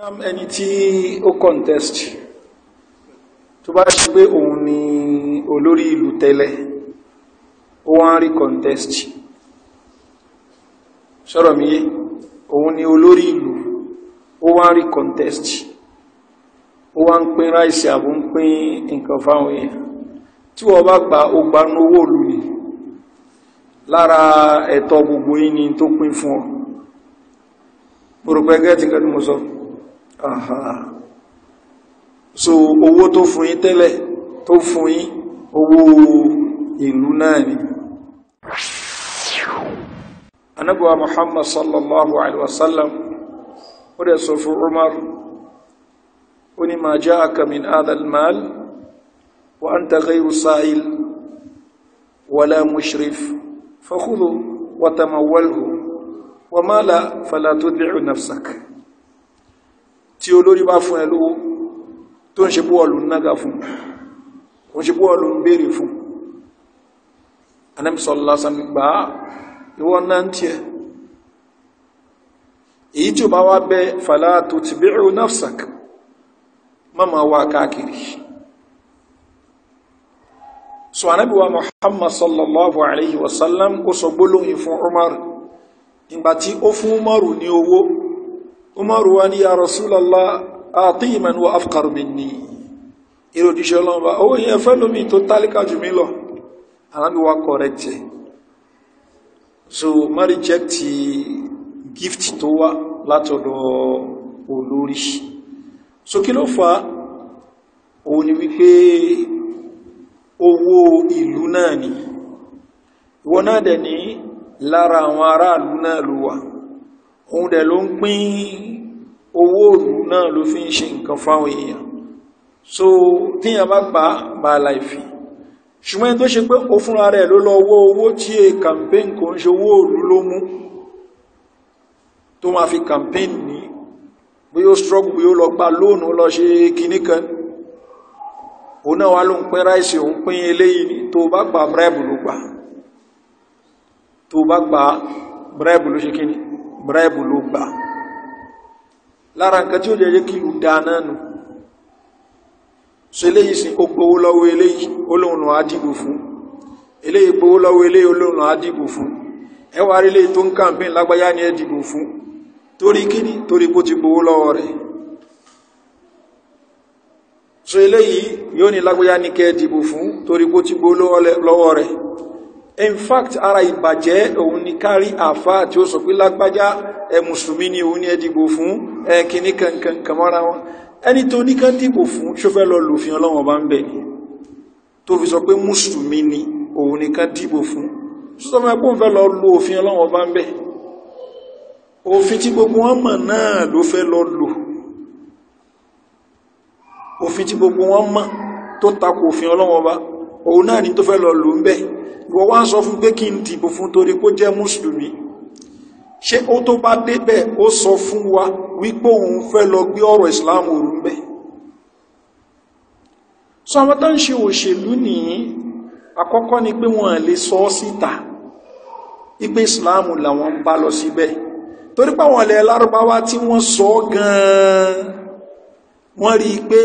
ẹni tí ó contest tó bá ṣe pé òun ni olórí ìlú tẹ́lẹ̀ ó wá ń rí contest sọ̀rọ̀ mi yé òun ni olórí ìlú ó wá ń rí contest ó wá ń pín ráìsì àbú ń pín nǹkan fáwọn èèyàn tí wọ́n bá gba ó gba owó òlù ni lára ẹ̀tọ́ gbogbo yìí ni tó pín fún ọ mo rò pé gẹ́ẹ̀tì kan ni mo sọ so. so owó tó fún yín tẹ́lẹ̀ tó fún yín owó ìlú náà ni anábọ̀wà muhammad sallallahu alaihi wasallam ó dẹ̀ sọ fún umar ó ní ma ja'aka min adal mal wa anta ghayru sa'il wala mushrif fa fakhudhu wa tamawwalhu wa ma la fala tudbi'u nafsaka tí olórí bá fún ẹ lówó tó ń ṣe bọ́ọ̀lù nága fún kò ń ṣe bọ́ọ̀lù ń béèrè fún anẹ́bí sọ̀rọ̀ lásán gbà á ìwọ náà ń tiẹ̀ èyí tí ó bá wá bẹ́ fàlá tó ti bẹ̀rẹ̀ onafsak má wá káàkiri so anẹ́bí wa muhammad sallallahu alayhi wa ó sọ gbólóhùn fún umar ìgbà tí ó fún umaru ní owó umaru wa ni ya rasulallah ati man wa afqar minni iro di shalom ba o yen fe tó tálíkà jù mí lọ ara mi wa correct so ma reject gift tó wá látọ̀dọ̀ olórí so kí ló fà ó ní wí pé owó ìlú náà ni ìwọ náà dẹ̀ ní lára àwọn aráàlú náà ló wà òun dẹ̀ ló ń pín owó òrù náà ló fi ń ṣe nǹkan fáwọn èèyàn so tíyàn bá pa bá láìfi ṣùgbọ́n tó ṣe pé ó fúnra rẹ̀ ló lọ owó owó tí è campaign kò ń ṣe owó òrù ló mú tó máa fi campaign ní bí ó struggle bí ó lọ gba lóònù lọ ṣe kinní kan òun náà wá ló ń pín ráìsì òun pín eléyìí ni tó bá gba brẹ́bù ló gbà tó bá gba brẹ́bù ló ṣe kinní búrẹ́bù ló gbà lára nǹkan tí ó jẹ́ kí ìlú dáná nù so eléyìí sin ó lọ́wọ́ eléyìí olóòrùn náà fún eléyìí lọ́wọ́ eléyìí fún ẹwà arílẹ̀ tó ń kàmpín lágbáyá ní ẹ fún torí kíni torí bó ti gbowó lọ́wọ́ rẹ̀ in fact ara ìbàjẹ́ òun ni kárí àfa tí ó sọ pé lágbájá ẹ mùsùlùmí ni òun ni ẹ dìbò fún ẹ kìíní kankan kàmọ́ra wọn ẹni tó ní ká dìbò fún ṣófẹ́ lọ lòfin ọlọ́wọ́n bá ń bẹ̀ ni tó fi sọ pé mùsùlùmí ni òun ni ká dìbò fún sọ́sọ́mọ́ ẹkùn fẹ́ lọ lo òfin ọlọ́wọ́n bá ń bẹ̀ òfin tí gbogbo wọn mọ̀ náà ló fẹ́ lọ lò òfin tí gbogbo wọn mọ̀ tó tako òfin ọlọ́wọ́n bá òun náà ní tó fẹ́ lọ lò ń bẹ́ ìwọ wá ń sọ fún pé kí n dìbò fún torí kó jẹ́ mùsùlùmí ṣé ó tó bá débẹ̀ ó sọ fún wa wípé òun fẹ́ lọ gbé ọ̀rọ̀ ìsìláàmù òru ń bẹ́ sọ àwọn tó ń ṣe òṣèlú nìyí àkọ́kọ́ ni pé wọ́n lè sọ ọ́ síta ipe ìsìláàmù làwọn ń bá lọ síbẹ̀ torí páwọn ilẹ̀ lárúbáwá tí wọ́n sọ gan-an wọ́n rí i pé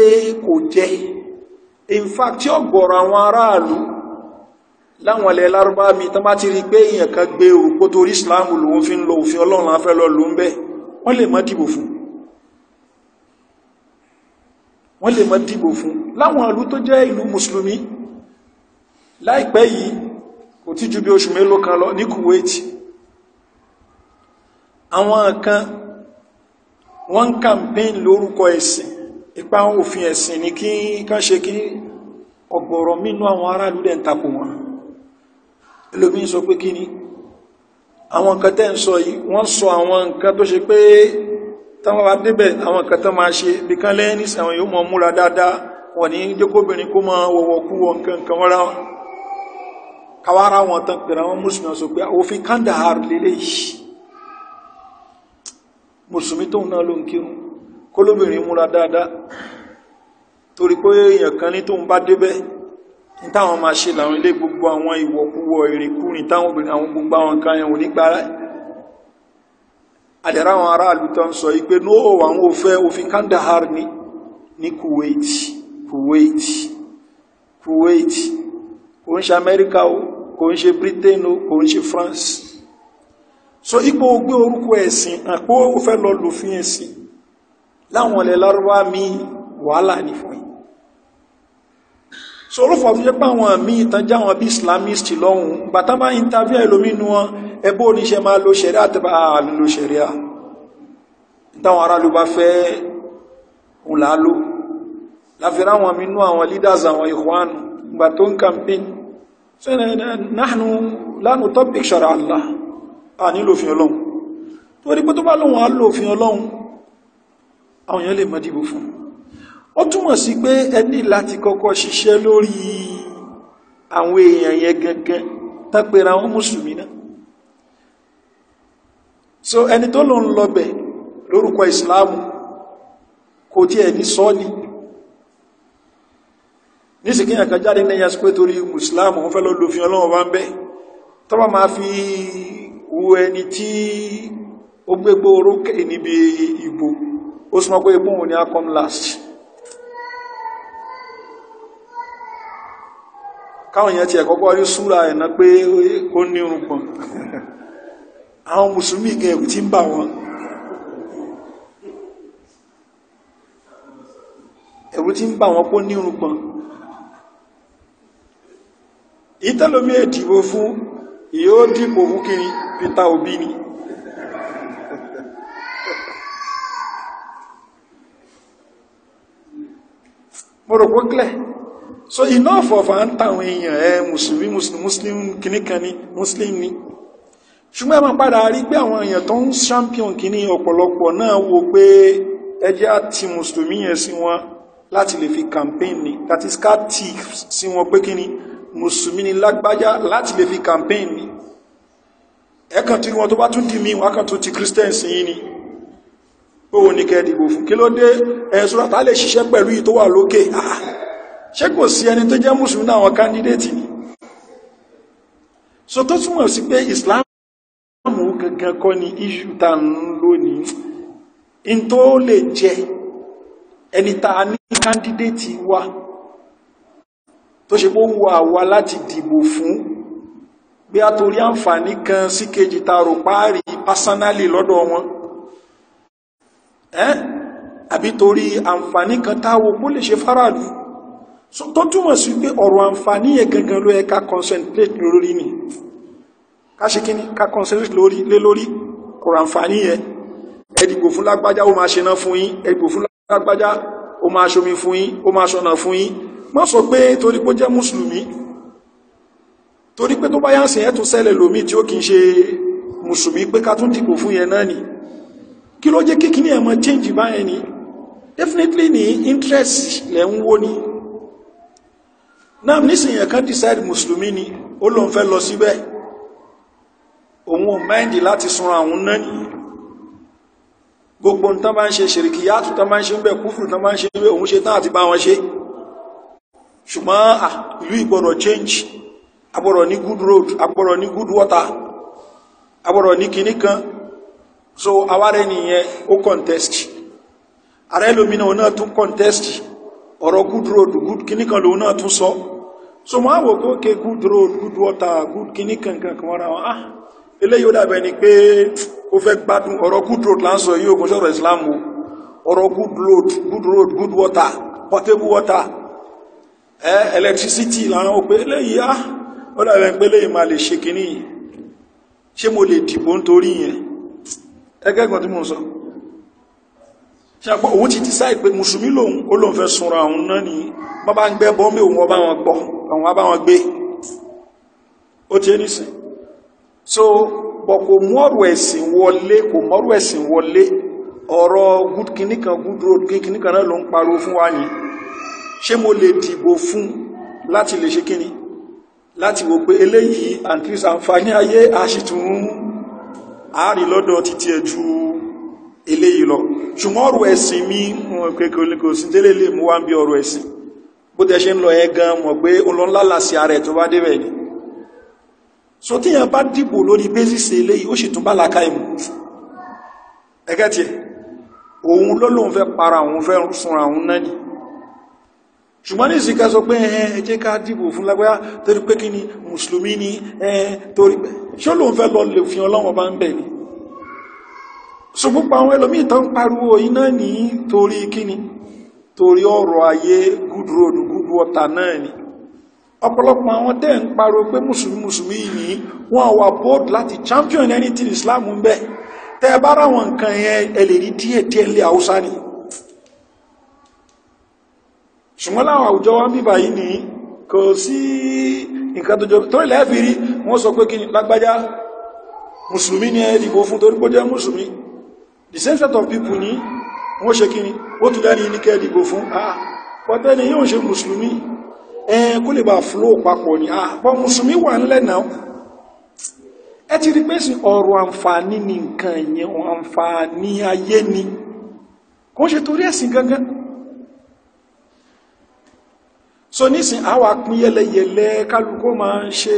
kò jẹ́ in fact tí ọ̀gọ̀rọ̀ àwọn aráàlú láwọn ilẹ̀ lárúbá mi tán bá ti rí pé èèyàn kan gbé òpó torí islamu lòun fi ń lo òfin ọlọ́run láfẹ́ lọ lòun bẹ́ wọ́n lè má dìbò fún wọ́n lè má dìbò fún láwọn ìlú tó jẹ́ ìlú mùsùlùmí láìpẹ́ yìí kò tí ju bí oṣù mélòó kan lọ ní Kuwait àwọn kan wọ́n kàmpín lórúkọ ẹ̀sìn ipa àwọn òfin ẹ̀sìn ní kí kán ṣe kí ọ̀gbọ̀rọ̀ mínú àwọn aráàlú dẹ̀ ń takò wọn lómi sọ pé kí ni àwọn nǹkan tẹ́ ń sọ yìí wọ́n sọ àwọn nǹkan tó ṣe pé táwọn bá débẹ̀ àwọn nǹkan tó máa ṣe bí kán lẹ́yìn ní yóò mọ múra dáadáa wọ́n kawara wọn tán pèrè àwọn mùsùlùmí sọ pé òfin kandahar lélẹ́yìí mùsùlùmí tóun kólóbìnrin múra dáadáa torí pé èèyàn kan ní tóun bá débẹ̀ ní táwọn máa ṣe làwọn ilé gbogbo àwọn ìwọ̀kúwọ̀ ìrìnkúrìn táwọn obìnrin àwọn gbogbo àwọn kan ẹ̀wọ̀n nígbà rẹ̀ àdẹ̀rá àwọn ará àlùtọ́ ń sọ ipé ní àwọn òfẹ́ òfin Kandahar ní ní Kuwait Kuwait Kuwait kò ń ṣe Amẹ́ríkà o kò ń ṣe Britain o kò ń ṣe France so ipò gbé orúkọ ẹ̀sìn àpò ó fẹ́ lọ lòfin ẹ̀sìn láwọn ilẹ̀ lárúbá mi wàhálà ní fún yìí sọ̀rọ̀ fọ̀ fún jẹ́pá àwọn àmì ìtànjá àwọn bí islamist lọ́hùn bàtà bá interview ẹlòmínú wọn ẹbó oníṣẹ́ máa lo ṣẹ̀rí àtẹ́bà àlùlò ṣẹ̀rí à táwọn aráàlú bá fẹ́ òun làálò láfẹ́rá àwọn àmínú àwọn leaders àwọn ìkwánu gbà tó ń campaign nahnu lánàá topic ṣọ̀rọ̀ Allah à nílò òfin ọlọ́run torí pé tó bá lóun á lò òfin ọlọ́run àwọn èèyàn lè mọ́ dìbò fún ó túmọ̀ sí pé ẹ ní láti kọ́kọ́ ṣiṣẹ́ lórí àwọn èèyàn yẹn gangan tápera wọn mùsùlùmí náà so ẹni tó lòun lọbẹ̀ lórúkọ ìsìláàmù kò tí ẹ̀ ní sọ́ọ̀nì nísìkí yàn kan jáde ní ẹ̀yà sípé torí mùsùlùmí wọ́n fẹ́ lọ lò fi ọlọ́wọ́ bá ń bẹ́ tọ́bà máa fi wo ẹni tí ó gbégbó orókè níbi ìbò ó súnmọ́ pé ikú òun ni a come last káwọn èèyàn ti ẹ̀kọ́ kọ́rí súra ẹ̀nà pé ó ní orúnpọ̀ àwọn mùsùlùmí gan ẹ̀kù ń bà wọn ẹ̀kù tí ń bà wọn kó ní Obi ni mo rò so iná ọ̀fọ̀fà ń tàwọn èèyàn ẹ mùsùlùmí muslim kìnnìkan ni muslim ni ṣùgbọ́n ẹ máa padà rí pé àwọn èèyàn tó ń champion kìíní ọ̀pọ̀lọpọ̀ náà wo pé ẹjẹ́ àti mùsùlùmí yẹn sí wọn láti lè fi campaign ni that is ká tì sí wọn pé kíni mùsùlùmí ni lágbájá láti lè fi campaign ni ẹ̀kan tí wọn tó bá tún di mí wọn ti christian sí yín ni owó ní kẹ́ dìbò fún kí ló dé ẹ̀sùn àtà lè ṣiṣẹ́ pẹ̀lú yìí tó wà lókè ah, ṣé kò sí ẹni tó jẹ́ mùsùlùmí náà àwọn kandidati ni so tó túmọ̀ sí pé Islam gangan kọ́ ni iṣu ta ń lónìí in tó lè jẹ ẹni ta ní kandidati wa tó ṣe bó wà wá láti dìbò fún bí a torí àǹfààní kan sí kejì ta rò páàrí pásánálì lọ́dọ̀ wọn ẹ́ àbí torí àǹfààní kan táwo kó lè ṣe fáráàlú tó túmọ̀ sí pé ọ̀rọ̀ àǹfààní yẹn gangan ló yẹ concentrate lórí ni ká ṣe kíní ká concentrate lórí lé lórí ọ̀rọ̀ àǹfààní yẹn ẹ dìbò fún lágbájá ó máa ṣe náà fún yín ẹ dìbò fún lágbájá ó máa ṣomi fún yín ó máa ṣọ̀nà fún yín má sọ pé torí pé ó jẹ́ mùsùlùmí torí pé tó bá yá ń sìn ẹ́ sẹ́lẹ̀ lòmíì tí ó kì í ṣe mùsùlùmí pé ká tún dìbò fún yẹn náà nìí kí ló jẹ́ kíkí ní ẹ̀mọ̀ change báyẹn ni definitely ní interest lẹ̀ ń wó ni náà nísìnyẹ̀ kan decide mùsùlùmí ni ó lóun fẹ́ lọ síbẹ̀ òun ò mind láti súnra àwọn náà nìyẹn gbogbo ní tán bá ń ṣe ṣèrìkì yàtù tán bá ń ṣe ń bẹ̀ kúfùrù tán bá ń ṣe ń bẹ̀ òun ṣe tán àti bá wọn ṣe ṣùgbọ́n ìlú ìgbọ́dọ̀ change agbọ́dọ̀ ní good road agbọ́dọ̀ ní good water agbọ́dọ̀ ní kinní kan so ni nìyẹn o contest ààrẹ lómìnà òun náà tún contest ọ̀rọ̀ good road good kìíní kan lòun náà tún sọ so wọ́n àwò kó ké good road good water good kìíní kankan kan wọ́n ah eléyìí ó dàbẹ̀ ni pé ó fẹ́ gbádùn ọ̀rọ̀ good road là ń sọ yìí ògùn sọ̀rọ̀ Islam o ọ̀rọ̀ good road good road good water portable water eh, electricity làwọn òpè eléyìí ah ó dàbẹ̀ pé eléyìí máa lè ṣe kìíní ṣé mo lè dìbò nítorí yẹn ẹgẹ́gbọ́n tí mo sọ ṣàpọ̀ òun ti decide pé mùsùlùmí lòun ó lòun fẹ́ sunra òun náà ni wọ́n bá ń gbẹ́ bọ́ mí òun ọba wọn wọn gbé ó ti ẹnìsìn so bọ̀ kò mọ́rù ẹ̀sìn wọlé kò mọ́rù ẹ̀sìn wọlé ọ̀rọ̀ good good road kìíní kan náà ló ń pariwo fún wa yìí ṣé mo lè dìbò fún láti lè ṣe kíni láti wò pé eléyìí àǹtírísà àǹfààní ayé àṣìtún àárí lọ́dọ̀ títí ẹjú eléyìí lọ ṣùgbọ́n ọ̀rọ̀ ẹ̀sìn mi kékeré kò sí délé lè mú wá ń bí ọ̀rọ̀ ẹ̀sìn bó tẹ́ ṣe ń lọ ẹ gan mọ̀ pé ó lọ ńlá làsì tó bá débẹ̀ ni so téèyàn bá dìbò lórí bẹ́sìsì eléyìí ó sì tún bá làákà ìmú ẹgẹ́ tiẹ̀ òun ló fẹ́ para òun fẹ́ sunra òun náà ni ṣùgbọ́n ní ìsìnká sọ pé ẹ̀hẹ́ ẹ jẹ́ ká dìbò fún lágbáyá torí pé kí ni mùsùlùmí ni ẹ̀hẹ́ torí pé ṣó ló ń fẹ́ lọ lè fi ọlọ́wọ́n bá ń bẹ̀ ni ṣùgbọ́n àwọn ẹlòmíì tán pariwo iná ní torí kí ni torí ọrọ̀ ayé good road good water náà ni ọ̀pọ̀lọpọ̀ àwọn tẹ́ ń pariwo pé mùsùlùmí mùsùlùmí champion anything Islam ń bẹ̀ tẹ́ bá ráwọn nǹkan yẹn ẹ ṣùgbọ́n láwọn àwùjọ wa ń bíbà yìí ní kò sí nǹkan tó jọ torí lẹ́ẹ̀fì rí wọ́n sọ pé kí ni lágbájá mùsùlùmí ni ẹ dìbò fún torí bójẹ́ mùsùlùmí the same set of people ní wọ́n ṣe kí ni ó tún lẹ́ni ní kẹ́ fún ah pọ́tẹ́ ni yóò ṣe mùsùlùmí ẹ kó lè bá flow papọ̀ ni ah pọ́ mùsùlùmí wà ńlẹ̀ náà ẹ ti rí pé sí ọ̀rọ̀ àǹfààní ni nǹkan yẹn àǹfààní ayé ni kò ṣe torí ẹ̀sìn gangan so nísìn àwa pín yẹlẹyẹlẹ kálukú máa ń ṣe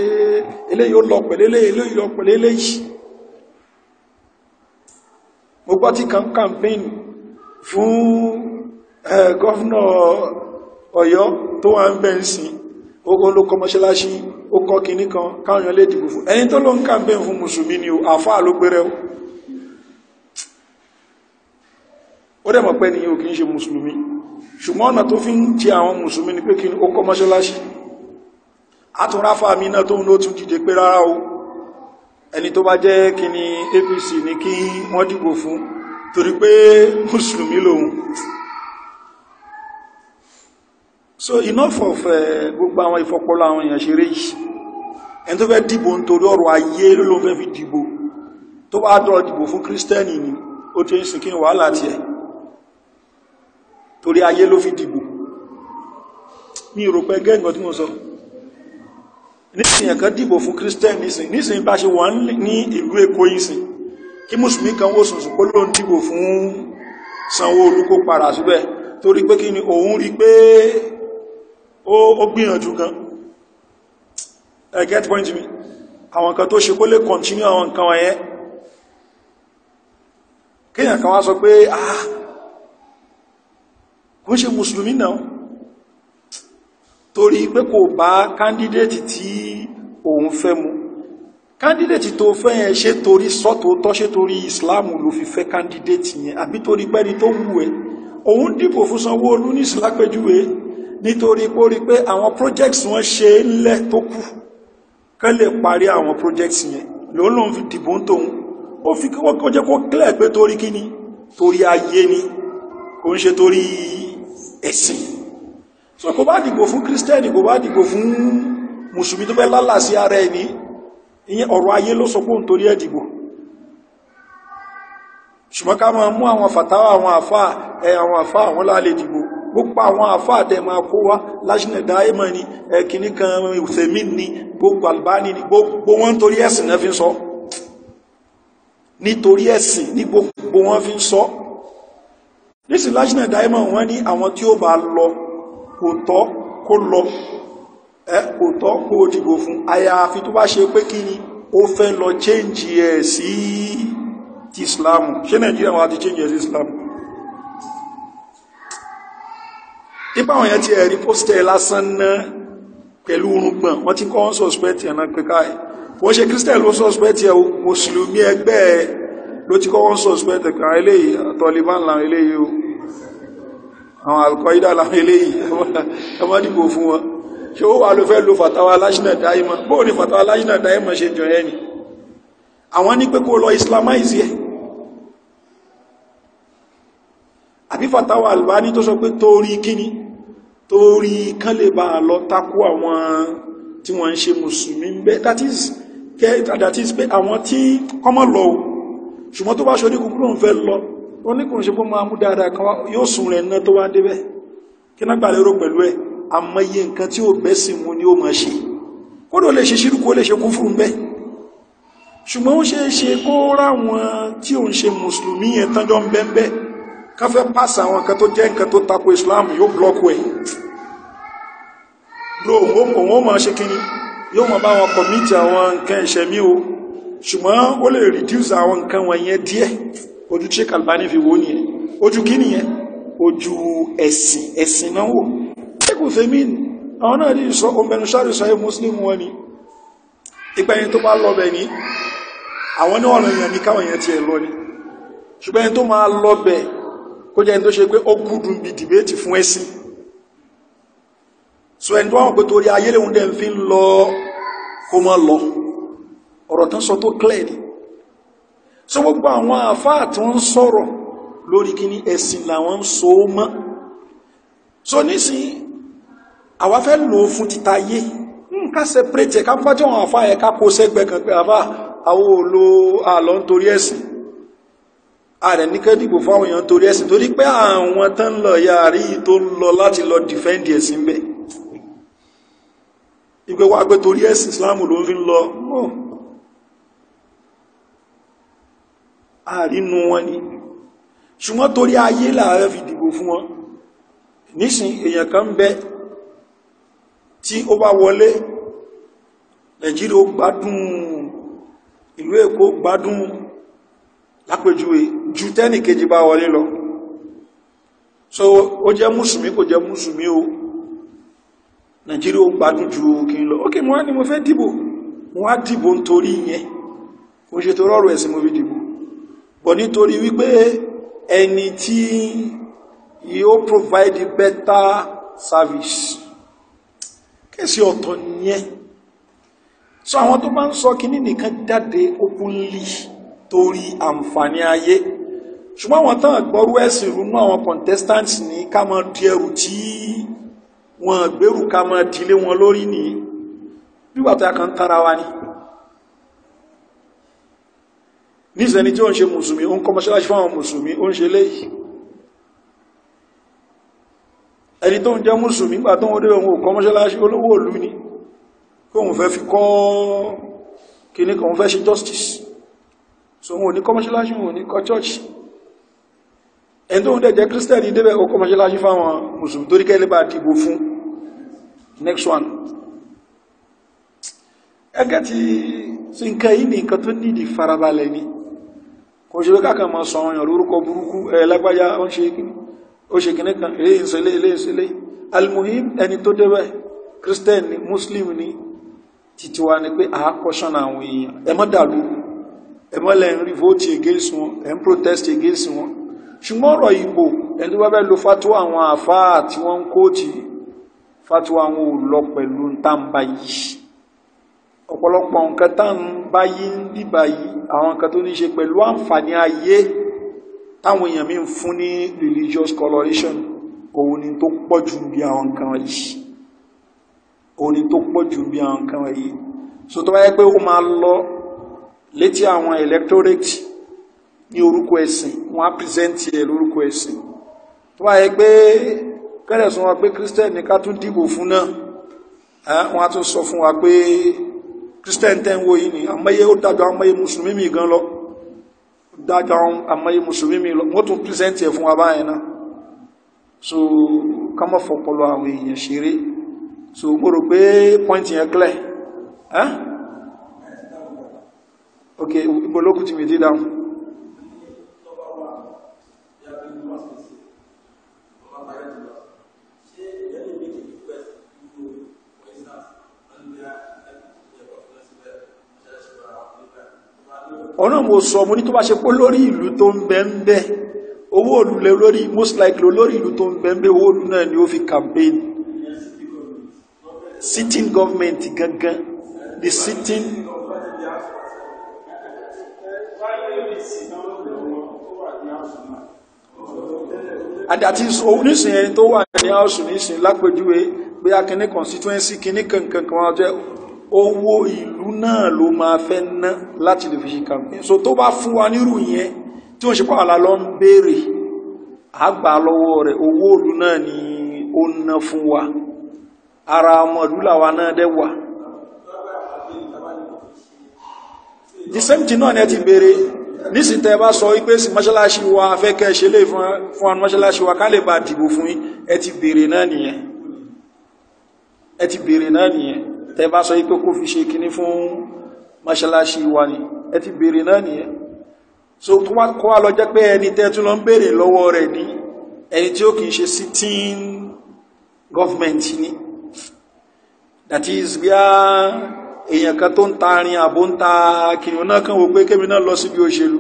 eléyìí ó lọ pẹ̀lẹ́lẹ́ eléyìí lọ pẹ̀lẹ́lẹ́ yìí mo gbọ́ tí kan campaign fún gọ́fúnà ọ̀yọ́ tó wà ń bẹ̀ ń sìn ogun ló kọ́ mọ́ṣáláṣí ó kọ́ kinní kan káwọn lè dìbò fún ẹni tó ló ń campaign fún mùsùlùmí ni àfáà ló gbére ó dẹ̀ mọ̀ pé nìyẹn ò kì ṣe mùsùlùmí ṣùgbọ́n ọ̀nà tó fi ń jẹ àwọn mùsùlùmí ni pé kí ó kọ́ mọ́ṣáláṣí àtúnráfà mi náà tó ń ló tún dìde pé rárá o ẹni tó bá jẹ́ kí ni APC ní kí wọ́n dìbò fún torí pé mùsùlùmí lòun so enough of eh, gbogbo àwọn ìfọpọlọ àwọn èèyàn ṣeré yìí ẹni tó fẹ́ dìbò nítorí ọ̀rọ̀ ayé ló fẹ́ fi dìbò tó bá dọ̀rọ̀ dìbò fún kírísítẹ́nì ni ó ti ń sìn kí wàhálà tiẹ̀ torí ayé ló fi dìbò ní ìròpẹ́ gẹ́gọ́ tí mo sọ nísìn ẹ̀kan dìbò fún christian nísìn nísìn bá ṣe wọ́n ní ìlú èkó ìsìn kí mùsùlùmí kan wó sùn sùpó ló ń dìbò fún Sanwó-Olú para padà síbẹ̀ torí pé kí ni òun rí pé ó gbìyànjú gan ẹ get point mi àwọn nǹkan tó ṣe kó lè continue àwọn nǹkan wọ̀nyẹn kéèyàn kan wá sọ pé ah kò ṣe mùsùlùmí náà torí pé kò bá kándídéètì tí òun fẹ́ mu kándídéètì tó fẹ́ yẹn ṣe torí sọ́tòótọ́ ṣe torí islam ló fi fẹ́ kándídéètì yẹn àbí torí pẹ́ni tó wù ẹ́ òun dìbò fún Sanwó-Olú ní ìsìlápẹ́júwe nítorí pé ó pé àwọn projects wọ́n ṣe ńlẹ̀ tó kù kán lè parí àwọn projects yẹn lòun lòun fi dìbò ń tòun ó fi kọ́kọ́ jẹ́ kó clear pé torí kíni torí ayé ni kò ń ṣe torí ẹ̀sìn so kò bá dìgbò fún kírísítẹ́nì kò bá dìgbò fún mùsùlùmí tó fẹ́ lálà sí ara ẹni ìyẹn ọ̀rọ̀ ayé ló sọ pún torí ẹ̀dìgbò ṣùgbọ́n ká máa mú àwọn fàtàwà àwọn àfà ẹ àwọn àfà àwọn láàlè dìgbò gbogbo àwọn àfà àtẹ máa kó wá láṣínà dáímọ̀ ni ẹ̀kìní kan ìsẹ̀mí ni gbogbo albani ni gbogbo wọn torí ẹ̀sìn náà fi ń sọ nítorí ẹ̀sìn ní gbogbo wọn fi ń sọ nísì lájínà diamond wọ́n ní àwọn tí ó bá lọ kò tọ́ kó lọ ẹ kò tọ́ kó dìbò fún àyàfi tó bá ṣe pé kí ni ó fẹ́ lọ change ẹ̀ sí ti islam ṣé nàìjíríà wọ́n ti change ẹ̀ sí islam ipa àwọn yẹn ti ẹ̀rí pósítẹ̀ lásán náà pẹ̀lú orungbọ̀n wọ́n ti kọ́ wọ́n suspect ẹ̀ náà pé káà wọ́n ṣe christian ló suspect ẹ̀ mùsùlùmí ẹgbẹ́ ẹ̀ ló ti kọ́kọ́ ń suspect pé eléyìí Taliban làwọn eléyìí o àwọn Al-Qaeda làwọn eléyìí ẹmọ́ dìbò fún wọn ṣe ó wà ló fẹ́ lo fatawa lajna daima bóò ni fatawa lajna daima ṣe jọ ẹni àwọn ní pé kó lọ islamize ẹ̀ àbí fatawa Albani tó sọ pé torí kíni torí kán lè bá lọ takú àwọn tí wọ́n ń that is pé àwọn tí kọ́mọ̀ lọ́wọ́ ṣùgbọ́n tó bá ṣe oníkùnkùn ló ń fẹ́ lọ oníkùn ṣe fún máa mú dáadáa kan yóò sùn rẹ̀ ná tó wá débẹ̀ kí náà gbàlérò pẹ̀lú ẹ̀ àmọye nǹkan tí ó bẹ́ sí mu ni ó máa ṣe kódò lè ṣe ṣírùkú lè ṣe kún fún bẹ́ẹ̀ ṣùgbọ́n ó ṣe é ṣe kó ráwọn tí òun ṣe mùsùlùmí yẹn tánjọ́ ń bẹ́ẹ̀ ká fẹ́ pàṣẹ àwọn nǹkan tó jẹ́ nǹkan tó tako Islam yóò blọ́kù ẹ̀ bro òun ó máa ṣe kíni yóò máa bá wọn kọ̀mítì àwọn nǹkan ìṣẹ̀mí o ṣùgbọ́n ó lè reduce àwọn nǹkan wọ̀nyẹn díẹ̀ ojú Sheikh Albani fi wò nìyẹn ojú kí nìyẹn ojú ẹ̀sìn ẹ̀sìn náà wò ṣékù fèmín àwọn náà yìí sọ ombẹnu sáré sọ yẹ muslim wọn ni ìpẹ́yìn tó bá lọ bẹ̀ ní àwọn ní ọ̀nà èèyàn ní káwọn èèyàn ti ẹ̀ lọ ni ṣùgbọ́n ẹni tó máa lọ bẹ̀ lọ ọ̀rọ̀ tán sọ tó clear ni so gbogbo àwọn àfáà tí wọ́n ń sọ̀rọ̀ lórí kíní ẹ̀sìn làwọn ń so mọ́ so nísìn àwa fẹ́ lò ó fún títa yé nǹka separate ẹ̀ka pàtó àwọn àfáà ẹ̀ka kó sẹ́gbẹ̀ẹ́ kan pé àfáà àwọn òlo àlọ́ nítorí ẹ̀sìn ààrẹ ní kẹ́dìbò fáwọn èèyàn torí ẹ̀sìn torí pé àwọn tán lọ ya rí tó ń lọ láti lọ dìfẹ́ndì ẹ̀sìn bẹ́ẹ̀ ìgbẹ́wàá torí ẹ̀sìn Islam ló ń fi lọ náà àrínú wọn ni ṣùgbọ́n torí ayé láàrẹ fi dìbò fún wọn nísìn èèyàn kan ń bẹ tí ó bá wọlé nàìjíríà ó gbádùn ìlú èkó gbádùn lápèjúwe ju tẹ́nì kejì bá wọlé lọ so ó jẹ́ mùsùlùmí kò jẹ́ mùsùlùmí o nàìjíríà gbádùn ju kí lọ ok mo wá ní mo fẹ́ dìbò mo wá dìbò nítorí ìyẹn kò ṣe tó rọrùn ẹ̀sìn mo fi bọ̀ nítorí wípé ẹni tí yóò provide better service kẹsí ọ̀tọ̀ nìyẹn so àwọn tó máa ń sọ kíní nìkan jáde openly torí àǹfààní ayé ṣùgbọ́n àwọn tán gbọ́rú ẹ̀sìn rúnú àwọn contestants ní ká máa di ẹrù tí wọ́n gbérù ká máa dilé wọn lórí nìyí bí wàtí a kan tara wa ni nísẹni tí ó ń ṣe mùsùlùmí ó ń kọ́ mọ́ṣáláṣí fáwọn mùsùlùmí ó ń ṣe léyìí ẹni tó ń jẹ́ mùsùlùmí gbà tó ń wọlé ohun òkọ́ mọ́ṣáláṣí olówó òlú ni kóhun fẹ́ fi kọ́ kíní kan fẹ́ ṣe justice so wọn ò ní kọ́ mọ́ṣáláṣí wọn ò ní kọ́ church ẹni tó ń dẹ̀ jẹ́ kírísítẹ́nì débẹ̀ ó kọ́ mọ́ṣáláṣí fáwọn mùsùlùmí torí kẹ́lẹ́ bá dìbò fún next one ẹgẹ́ ti nǹkan yìí nìkan tó nídìí farabalẹ̀ ni kò ṣe pé kákan mọ sọ ọyàn lórúkọ burúkú ẹ lágbájá ó ṣe kíní ó ṣe kan eré ìṣẹlẹ ilé ìṣẹlẹ almuhim ẹni tó débẹ̀ christian ni muslim ni títí wa ni pé àákọṣán àwọn èèyàn ẹ dàlú ẹ lẹ́yìn rí vote against wọn ẹ ń protest against wọn ṣùgbọ́n ọ̀rọ̀ fatuwa àwọn àfáà fatuwa àwọn ò ọ̀pọ̀lọpọ̀ nǹkan tá ń bá yí ń bíbà yìí àwọn nǹkan tó ní ṣe pẹ̀lú àǹfààní ayé táwọn èèyàn mi ń fún ní religious coloration òun ni tó pọ̀ jù bí àwọn nǹkan yìí òun ni tó pọ̀ jù bí àwọn nǹkan yìí so tó bá yẹ pé ó máa lọ létí àwọn electorate ní orúkọ ẹ̀sìn wọ́n á present ẹ̀ lórúkọ ẹ̀sìn tó bá pé kẹ́rẹ̀ sọ wọn pé Christian ní ká tún dìbò fún náà wọ́n á tún sọ fún wa pé christian tẹ́ wo yìí ni àmọ́yé ó dájọ́ àmọ́yé mùsùlùmí mi gan lọ dájọ́ àmọ́yé mùsùlùmí mi lọ wọ́n tún christian tiẹ̀ fún wa báyẹn náà so ká má fọpọlọ àwọn èèyàn ṣeré so mo rò pé point yẹn clear ok ibo lókùtì mi dé dáhùn. sọ mo ní tó bá ṣe pé lórí ìlú tó ń bẹ ń bẹ owó òlù lórí most likely lórí ìlú tó ń bẹ ń bẹ owó òlù náà ni ó fi campaign sitting government gangan the sitting and that is onísìnyẹn oh, tó wà ní house nísìnyí lápèjúwe bí a kìíní constituency kìíní kankan kan wọ́n jẹ́ owó ìlú náà ló máa fẹ́ ná láti lè fi ṣe campaign so tó bá fún wa nírú yẹn tí wọ́n ṣe pàwàlá lọ ń béèrè àgbà lọ́wọ́ rẹ̀ owó ìlú náà ni ó ná fún wa ara ọmọ ìlú làwa náà dẹ̀ wà the same thing náà ni ẹ ti béèrè nísìn tẹ bá sọ wípé sí mọ́ṣáláṣí wa afẹ́kẹ́ ṣe lè fún àwọn mọ́ṣáláṣí wa ká lè bá dìbò fún ẹ ti béèrè náà nìyẹn ẹ ti béèrè náà nìyẹn tẹ́ bá sọ yí pé kó fi ṣe kíní fún mọ́ṣáláṣí wa ni ẹ ti béèrè náà nìyẹn so tó wá kó wá lọ jẹ́ pé ẹni tẹ́ lọ ń béèrè lọ́wọ́ rẹ̀ ní ẹni tí ó kìí ṣe sitting government ni that is bíá èèyàn kan tó ń ta arin àbó ń ta kìnìún náà kàn wò pé kémi náà lọ síbi òṣèlú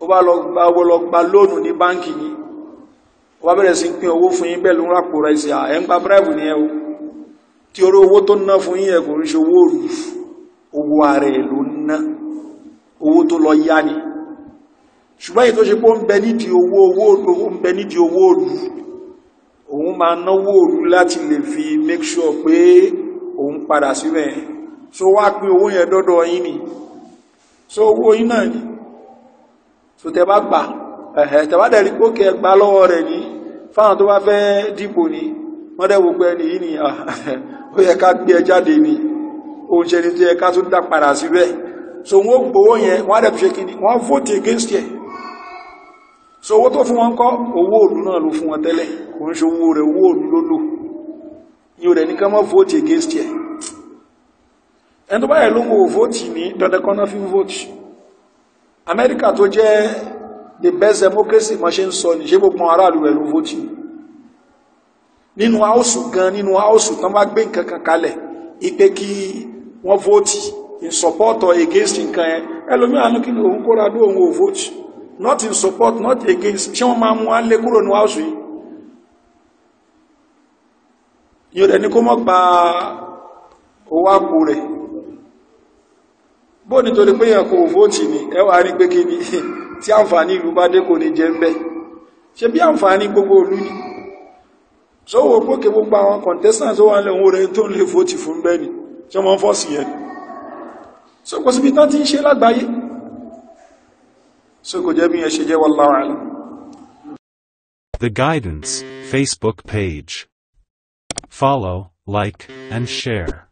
ó bá lọ gba owó lọ gba lóònù ní báǹkì yìí ó bá bẹ̀rẹ̀ sí pín owó fún yín bẹ́ẹ̀ ló ń rà pòrọ̀ ẹ̀sìn à ẹ̀ ń gba bíráìbù nìyẹn o tí orí owó tó ná fún yín ẹ̀kùn ríṣe owó òrù owó ààrẹ ló ná owó tó lọ yá ni ṣùgbọ́n èyí tó ṣe pé ó ń bẹ nídìí owó owó ń òun máa náwó òrù láti lè fi make sure pé òun padà síbẹ̀ so wá pín owó yẹn dọ́dọ̀ yín ni so owó yín náà ni so tẹ bá gbà ẹ̀hẹ̀ tẹ bá dẹ̀ rí pókè ẹgbà lọ́wọ́ rẹ̀ ní fáwọn tó bá fẹ́ dìbò ni wọ́n dẹ̀ wò pé ẹni yìí ni ah, ó yẹ ká gbé ẹ jáde ni ó ń ṣe ní tó yẹ ká tún dá padà sí bẹ́ẹ̀ so wọ́n gbowó yẹn wọ́n dẹ̀ ṣe kíni wọ́n vote against ẹ̀ so owó tó fún wọn kọ́ owó òlú náà ló fún wọn tẹ́lẹ̀ kò ń ṣe owó rẹ̀ owó òlú ló lò yóò rẹ̀ ní ká mọ́ vote against ẹ̀ ẹni tó báyẹ̀ ló ń wo vote ní dandankan fi vote Amẹ́ríkà tó jẹ́ the best democracy mọ́ ṣe ń sọ ní ṣe gbogbo aráàlú rẹ̀ ló vote ní nínú áùsù gan nínú áùsù tán bá gbé nǹkan kan kalẹ̀ ipe kí wọ́n vóòtì in support or against nǹkan ẹ ẹlòmíràn ní kí ni òun kóra dó òun ò vóòtì not in support not against ṣé wọ́n máa mú wá lé kúrò ní áùsù yìí yóò dẹ̀ ní kó mọ́ gba owó àpò rẹ̀ bó nítorí pé yẹn kò vóòtì ni ẹ wá rí pé kí ni tí àǹfààní ìlú bá dé kò ní jẹ́ ń bẹ́ ṣe bí àǹfààní gbogbo ìlú ni so wo pé kí gbogbo àwọn contestants ó wà lè wọ́n rẹ̀ fòtì fún bẹ́ẹ̀ni tí wọ́n fọ́ so kò so kò se ẹ e jẹ́ wallahu a'lam The Guidance Facebook page Follow, like, and share.